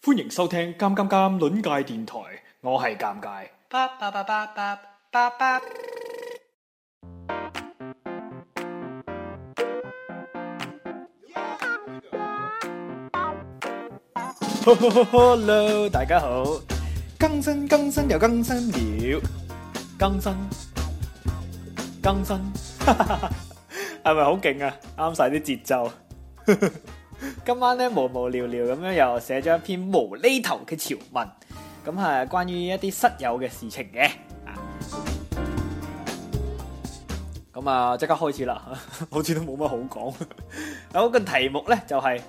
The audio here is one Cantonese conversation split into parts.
歡迎收聽《尷尷尷》尷界電台，我係尷尬。Hello，大家好，更新更新又更新了，更新更新，係咪好勁啊？啱晒啲節奏。 今晚咧無無聊聊咁樣又寫咗一篇無厘頭嘅潮文，咁係關於一啲室友嘅事情嘅，咁 啊即刻開始啦， 好似都冇乜好講。好 個題目咧就係、是、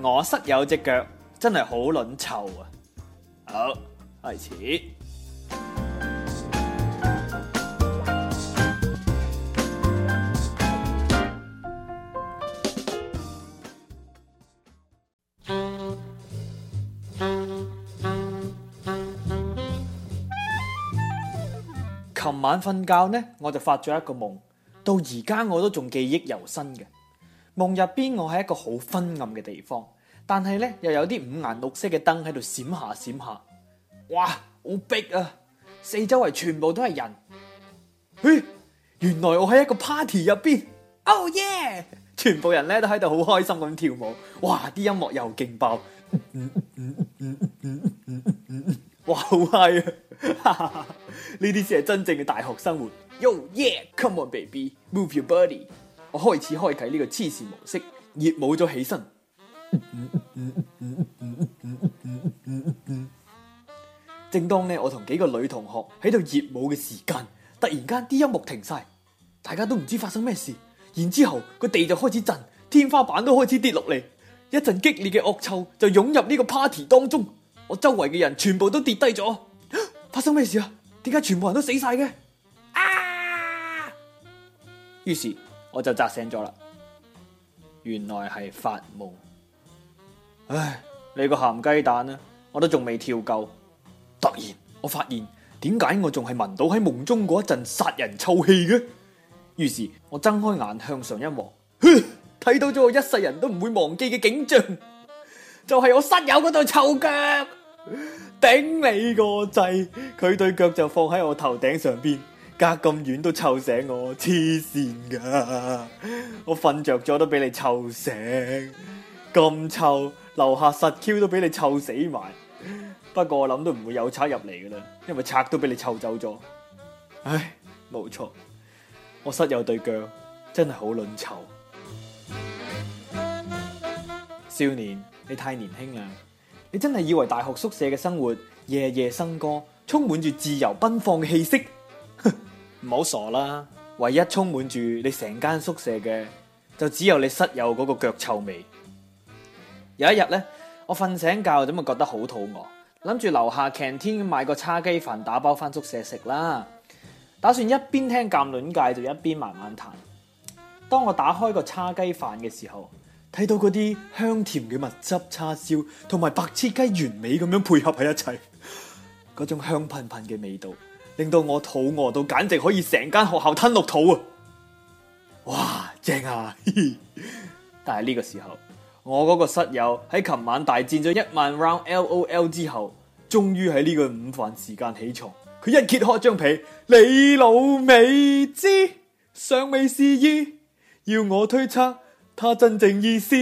我室友隻腳真係好卵臭啊！好，開始。晚瞓覺呢，我就發咗一個夢，到而家我都仲記憶猶新嘅。夢入邊我係一個好昏暗嘅地方，但係呢又有啲五顏六色嘅燈喺度閃下閃下，哇，好逼啊！四周圍全部都係人，欸，原來我喺一個 party 入邊，哦耶！Oh yeah！全部人咧都喺度好開心咁跳舞，哇，啲音樂又勁爆， 哇，好嗨啊！哈哈呢啲先係真正嘅大學生活。Yo yeah，come on baby，move your body。我開始開啟呢個黐線模式，熱舞咗起身。 正當呢，我同幾個女同學喺度熱舞嘅時間，突然間啲音樂停晒，大家都唔知發生咩事。然之後個地就開始震，天花板都開始跌落嚟，一陣激烈嘅惡臭就湧入呢個 party 當中，我周圍嘅人全部都跌低咗。發生咩事啊？點解全部人都死晒嘅？啊！於是我就扎醒咗啦，原來係發夢。唉，你個鹹雞蛋啦，我都仲未跳夠。突然我發現點解我仲係聞到喺夢中嗰一陣殺人臭氣嘅？於是我睜開眼向上一望，睇到咗我一世人都唔會忘記嘅景象，就係、是、我室友嗰對臭腳。頂你個掣，佢對腳就放喺我頭頂上邊，隔咁遠都臭醒我，黐線噶！我瞓着咗都俾你臭醒，咁臭樓下實 Q 都俾你臭死埋。不過我諗都唔會有賊入嚟噶啦，因為賊都俾你臭走咗。唉，冇錯，我室友對腳真係好卵臭。少年，你太年輕啦。你真係以為大學宿舍嘅生活夜夜笙歌，充滿住自由奔放嘅氣息？唔 好傻啦，唯一充滿住你成間宿舍嘅，就只有你室友嗰個腳臭味。 有一日咧，我瞓醒覺咁咪覺得好肚餓，諗住樓下 canteen 買個叉雞飯，打包翻宿舍食啦。打算一邊聽《鑑論界》就一邊慢慢嘆。當我打開個叉雞飯嘅時候。睇到嗰啲香甜嘅蜜汁叉燒同埋白切雞完美咁樣配合喺一齊，嗰 種香噴噴嘅味道令到我肚餓到簡直可以成間學校吞落肚啊！哇，正啊！嘻嘻！但係呢個時候，我嗰個室友喺琴晚大戰咗一萬 round LOL 之後，終於喺呢個午飯時間起床。佢一揭開張被，你老味知尚未試衣，要我推測。他真正意思，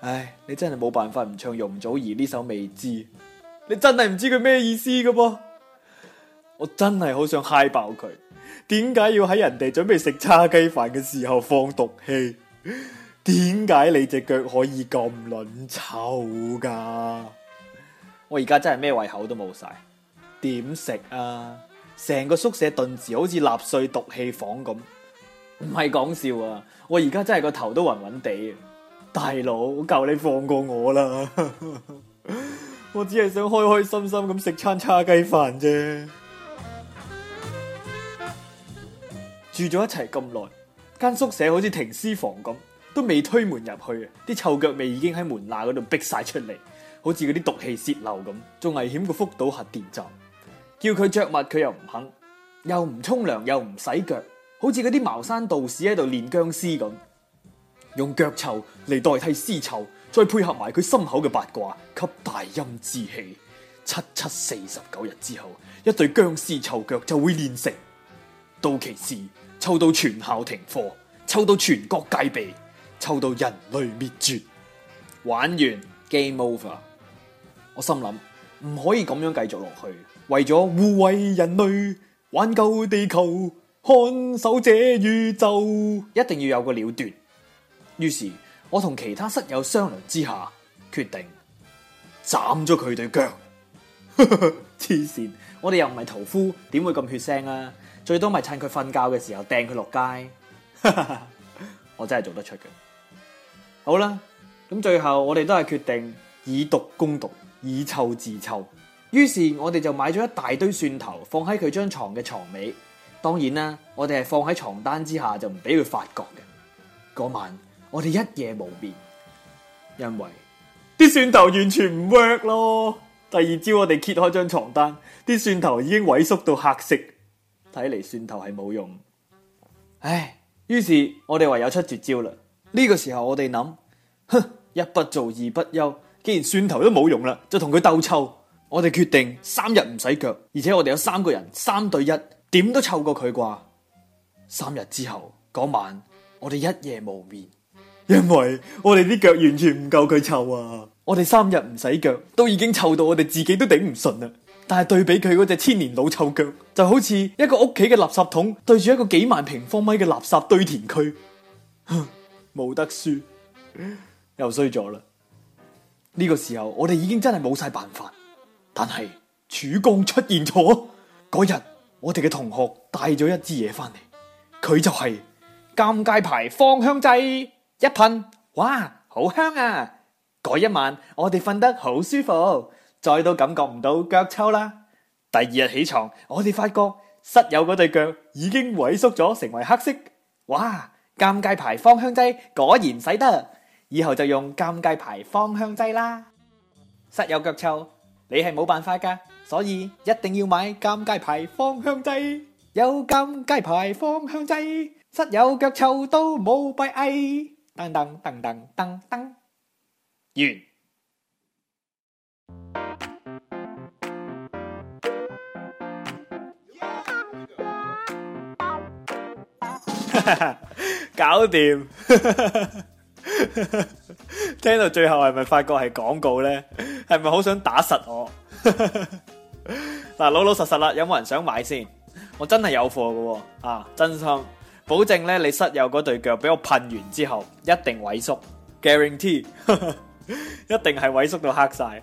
唉，你真係冇辦法唔唱容祖兒呢首未知，你真係唔知佢咩意思噶噃？我真係好想嗨爆佢，點解要喺人哋準備食叉雞飯嘅時候放毒氣？點解你隻腳可以咁卵臭噶？我而家真係咩胃口都冇晒，點食啊？成個宿舍頓時好似納粹毒氣房咁。唔係講笑啊！我而家真係個頭都暈暈地啊！大佬，我求你放過我啦！ 我只係想開開心心咁食餐叉雞飯啫。住咗一齊咁耐，間宿舍好似停屍房咁，都未推門入去，啲臭腳味已經喺門罅嗰度逼晒出嚟，好似嗰啲毒氣泄漏咁，仲危險過福島核電站。叫佢着襪佢又唔肯，又唔沖涼又唔洗腳。好似嗰啲茅山道士喺度練僵屍咁，用腳臭嚟代替屍臭，再配合埋佢心口嘅八卦，吸大陰之氣，七七四十九日之後，一對僵屍臭腳就會練成。到其時，臭到全校停課，臭到全國戒備，臭到人類滅絕，玩完 game over。我心諗唔可以咁樣繼續落去，為咗護衛人類，挽救地球。看守這宇宙，一定要有個了斷。於是，我同其他室友商量之下，決定斬咗佢對腳。黐 線，我哋又唔係屠夫，點會咁血腥啊？最多咪趁佢瞓覺嘅時候掟佢落街。 我真係做得出嘅。好啦，咁最後我哋都係決定以毒攻毒，以臭治臭。於是，我哋就買咗一大堆蒜頭，放喺佢張床嘅床尾。當然啦，我哋係放喺床單之下就唔俾佢發覺嘅。嗰晚我哋一夜無眠，因為啲蒜頭完全唔 work 咯。第二朝我哋揭開張床單，啲蒜頭已經萎縮到黑色，睇嚟蒜頭係冇用。唉，於是我哋唯有出絕招啦。呢個時候我哋諗，哼，一不做二不休，既然蒜頭都冇用啦，就同佢鬥臭。我哋決定三日唔洗腳，而且我哋有三個人三對一。點都臭過佢啩？三日之後嗰晚，我哋一夜無眠，因為我哋啲腳完全唔夠佢臭啊！我哋三日唔洗腳，都已經臭到我哋自己都頂唔順啦。但係對比佢嗰隻千年老臭腳，就好似一個屋企嘅垃圾桶對住一個幾萬平方米嘅垃圾堆填區，冇得輸， 又衰咗啦！呢個時候，我哋已經真係冇晒辦法，但係曙光出現咗嗰日。我哋嘅同學帶咗一支嘢翻嚟，佢就係尷尬牌芳香劑，一噴，哇，好香啊！嗰一晚我哋瞓得好舒服，再都感覺唔到腳臭啦。第二日起床，我哋發覺室友嗰對腳已經萎縮咗，成為黑色。哇，尷尬牌芳香劑果然使得，以後就用尷尬牌芳香劑啦。室友腳臭，你係冇辦法㗎。所以一定要買尷尬牌芳香劑，有尷尬牌芳香劑，室友腳臭都冇閉翳。噔噔噔噔噔噔，完。 搞掂定！ 聽到最後係咪發覺係廣告呢？係咪好想打實我？ 嗱，老老實實啦，有冇人想買先？我真係有貨嘅，啊，真心保證呢，你室友嗰對腳俾我噴完之後，一定萎縮，guarantee，一定係萎縮到黑晒，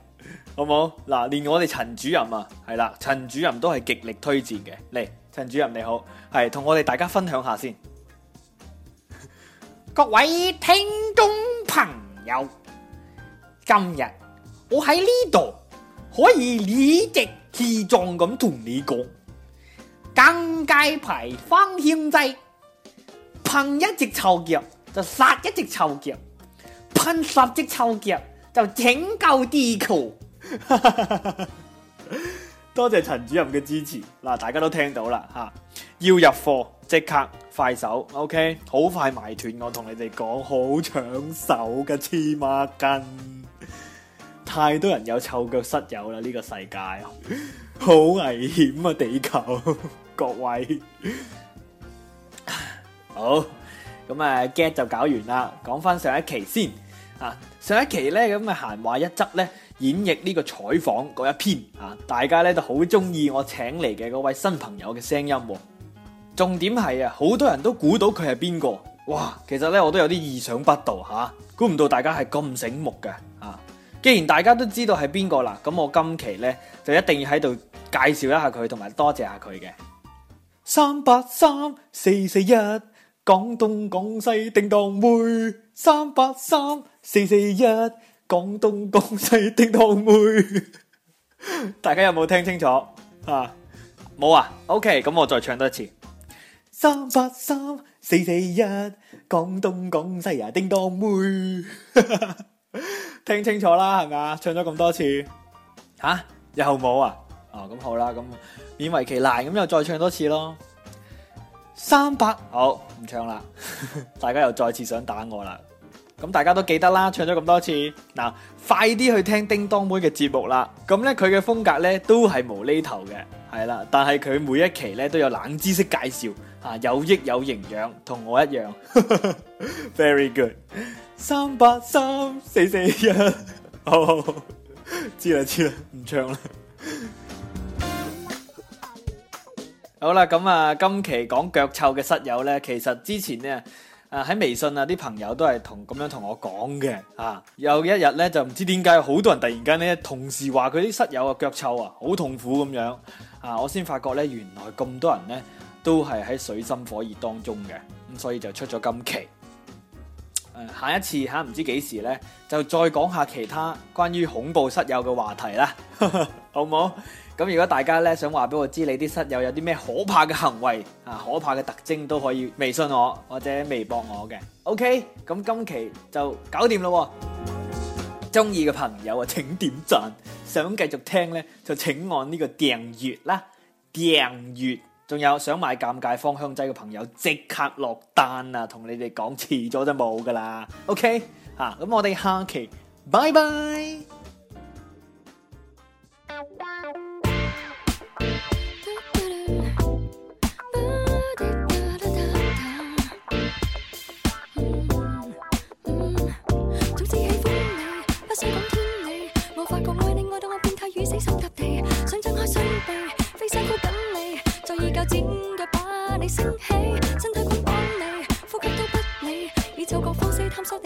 好冇？嗱，啊，連我哋陳主任啊，係啦，陳主任都係極力推薦嘅。嚟，陳主任你好，係同我哋大家分享下先，各位聽眾朋友，今日我喺呢度可以理直。自壯咁同你講，更加排放限制，噴一隻臭腳就殺一隻臭腳，噴十隻臭腳就拯救地球。 多謝陳主任嘅支持，嗱，大家都聽到啦吓，要入貨即刻快手，OK，快埋斷好快賣斷，我同你哋講好搶手嘅黐孖筋。太多人有臭腳室友啦！呢個世界好危險啊，地球各位。好，咁啊 get 就搞完啦。講翻上一期先啊，上一期咧咁啊閒話一則咧，演繹呢個採訪嗰一篇啊，大家咧都好中意我請嚟嘅嗰位新朋友嘅聲音。重點係啊，好多人都估到佢係邊個哇！其實咧我都有啲意想不到吓，估唔到大家係咁醒目嘅。既然大家都知道係邊個啦，咁我今期呢，就一定要喺度介紹一下佢，同埋多謝下佢嘅。三八三四四一，廣東廣西叮當妹。三八三四四一，廣東廣西叮當妹。 大家有冇聽清楚啊？冇啊？OK，咁我再唱多一次。三八三四四一，廣東廣西啊，叮當妹。 聽清楚啦，係咪啊？唱咗咁多次，吓、啊、又冇啊？哦，咁好啦，咁勉為其難，咁又再唱多次咯。三百，好，唔唱啦， 大家又再次想打我啦。咁大家都記得啦，唱咗咁多次，嗱，快啲去聽叮當妹嘅節目啦。咁咧，佢嘅風格咧都係無厘頭嘅。係啦，但係佢每一期咧都有冷知識介紹，啊，有益有營養，同我一樣，Very good，三八三四四一，好好好，知啦知啦，唔唱啦，好啦，咁啊，今期講腳臭嘅室友咧，其實之前咧。啊！喺微信啊，啲朋友都係同咁樣同我講嘅，啊，有一日咧就唔知點解，好多人突然間咧同時話佢啲室友啊腳臭啊，好痛苦咁樣，啊，我先發覺咧原來咁多人咧都係喺水深火熱當中嘅，咁所以就出咗今期。下一次吓唔知幾時咧，就再講下其他關於恐怖室友嘅話題啦，好唔好？咁如果大家咧想話俾我知你啲室友有啲咩可怕嘅行為啊，可怕嘅特徵都可以微信我或者微博我嘅。OK，咁今期就搞掂咯喎！中意嘅朋友啊，請點讚，想繼續聽咧就請按呢個訂閱啦，訂閱。仲有想買尷尬芳香劑嘅朋友，即刻落單啊！同你哋講，遲咗就冇噶啦，OK？吓，咁我哋下期，拜拜。總之， 嗯嗯、喜歡你，你，不想講天理，我發覺愛你愛到我變態與死心塌地，想張開雙臂。剪刀把你升起，身體捆綁你，呼吸都不理，以嗅覺方式探索。